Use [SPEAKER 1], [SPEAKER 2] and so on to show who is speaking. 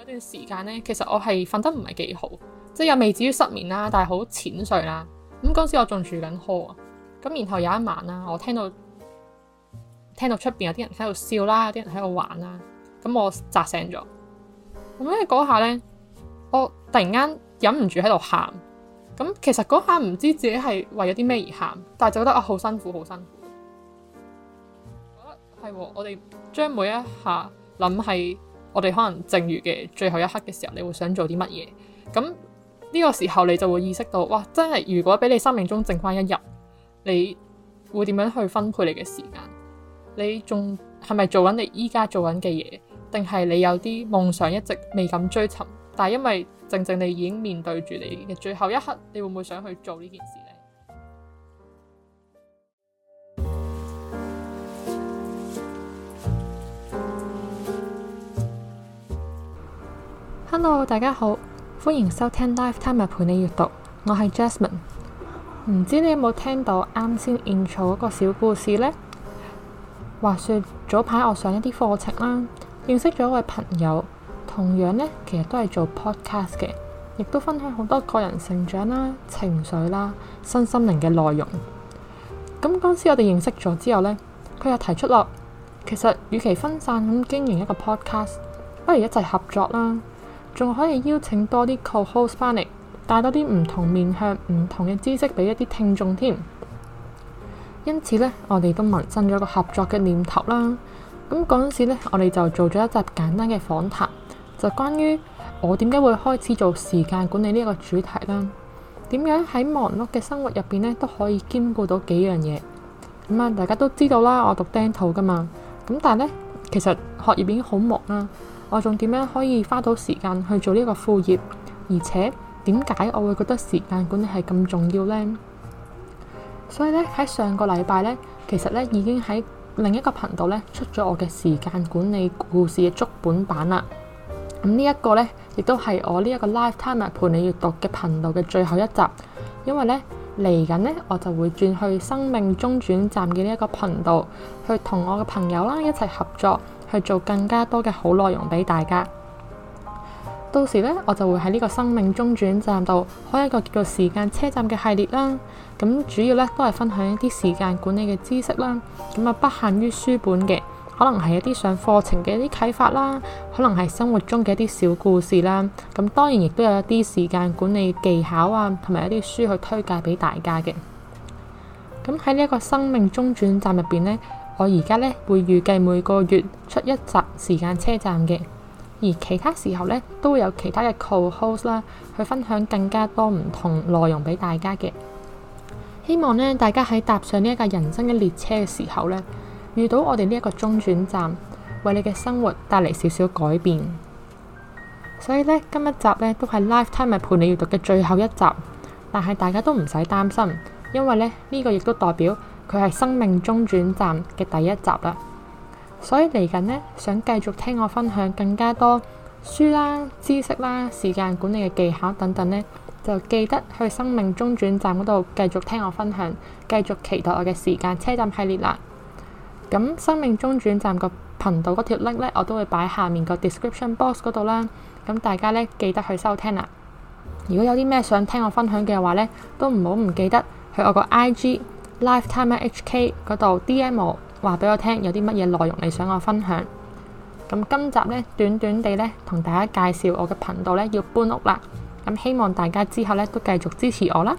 [SPEAKER 1] 有段時間咧，其實我係瞓得唔係幾好，即係又未至於失眠啦，但係好淺睡啦。咁嗰時我仲住緊 hall 啊，咁然後有一晚啦，我聽到聽到出邊有啲人喺度笑啦，有啲人喺度玩啦，咁我扎醒咗。咁咧嗰下咧，我突然間忍唔住喺度喊。咁其實嗰下唔知自己係為咗啲咩而喊，但係就覺得我好、啊、辛苦，好辛苦。係、哦哦、我哋將每一下諗係。我哋可能剩餘嘅最後一刻嘅時候，你會想做啲乜嘢？咁呢個時候你就會意識到，哇！真係如果俾你生命中剩翻一日，你會點樣去分配你嘅時間？你仲係咪做緊你依家做緊嘅嘢？定係你有啲夢想一直未敢追尋，但係因為靜靜你已經面對住你嘅最後一刻，你會唔會想去做呢件事呢？hello，大家好，歡迎收聽 LifeTimer 陪你悦讀。我係 Jasmine，唔知你有冇聽到啱先 intro 嗰個小故事呢？話說早排我上一啲課程啦，認識咗一位朋友，同樣呢，其實都係做 podcast 嘅，亦都分享好多個人成長啦、情緒啦、身心靈嘅內容。咁嗰時我哋認識咗之後呢，佢又提出咯，其實與其分散咁經營一個 podcast，不如一齊合作啦。仲可以邀請多啲 co-host 返嚟，帶多啲唔同面向、唔同嘅知識俾一啲聽眾添。因此呢，我哋都萌生咗個合作嘅念頭啦。咁嗰陣時呢，我哋就做咗一集簡單嘅訪談，就關於我點解會開始做時間管理呢一個主題啦。點樣喺忙碌嘅生活入邊呢都可以兼顧到幾樣嘢？咁啊，大家都知道啦，我讀 Dental 㗎嘛。咁但係呢，其實學業已經好忙啦。我仲點樣可以花到時間去做呢一個副業？而且點解我會覺得時間管理係咁重要呢？所以咧，喺上個禮拜咧，其實咧已經喺另一個頻道咧出咗我嘅時間管理故事嘅足本版啦。咁呢一個咧，亦都係我呢一個 LifeTimer 陪你閲讀嘅頻道嘅最後一集，因為咧，嚟緊咧，我就會轉去生命中轉站嘅呢一個頻道去同我嘅朋友啦一齊合作。去做更加多嘅好內容俾大家。到時呢，我就會喺呢個生命中轉站度開一個叫做時間車站嘅系列啦。咁主要呢，都係分享一啲時間管理嘅知識啦。咁啊，不限於書本嘅，可能係一啲上課程嘅一啲啟發啦，可能係生活中嘅一啲小故事啦。咁當然亦都有一啲時間管理技巧啊，同埋一啲書去推介俾大家嘅。咁喺呢一個生命中轉站入邊呢。我而家呢，會預計每個月出一集時間車站嘅，而其他時候呢，都會有其他嘅 co-host 啦，去分享更加多唔同內容俾大家嘅。希望呢，大家喺搭上呢一個人生嘅列車嘅時候呢，遇到我哋呢一個中轉站，為你嘅生活帶嚟少少改變。所以呢，今一集呢，都係 LifeTimer 陪你悦讀嘅最後一集，但係大家都唔使擔心，因為呢，呢、呢個亦都代表。佢係生命中轉站嘅第一集啦，所以嚟緊呢，想繼續聽我分享更加多書啦、知識啦、時間管理嘅技巧等等呢，就記得去生命中轉站嗰度繼續聽我分享，繼續期待我嘅時間車站系列啦。咁生命中轉站個頻道嗰條 link 呢，我都會擺下面個 description box 嗰度啦。咁大家呢，記得去收聽啦。如果有啲咩想聽我分享嘅話呢，都唔好唔記得去我個 IG。LifeTimer HK 嗰度 DM 話俾我聽，有啲乜嘢內容你想我分享？咁今集呢，短短地呢，同大家介紹我嘅頻道呢要搬屋啦。咁希望大家之後呢都繼續支持我啦。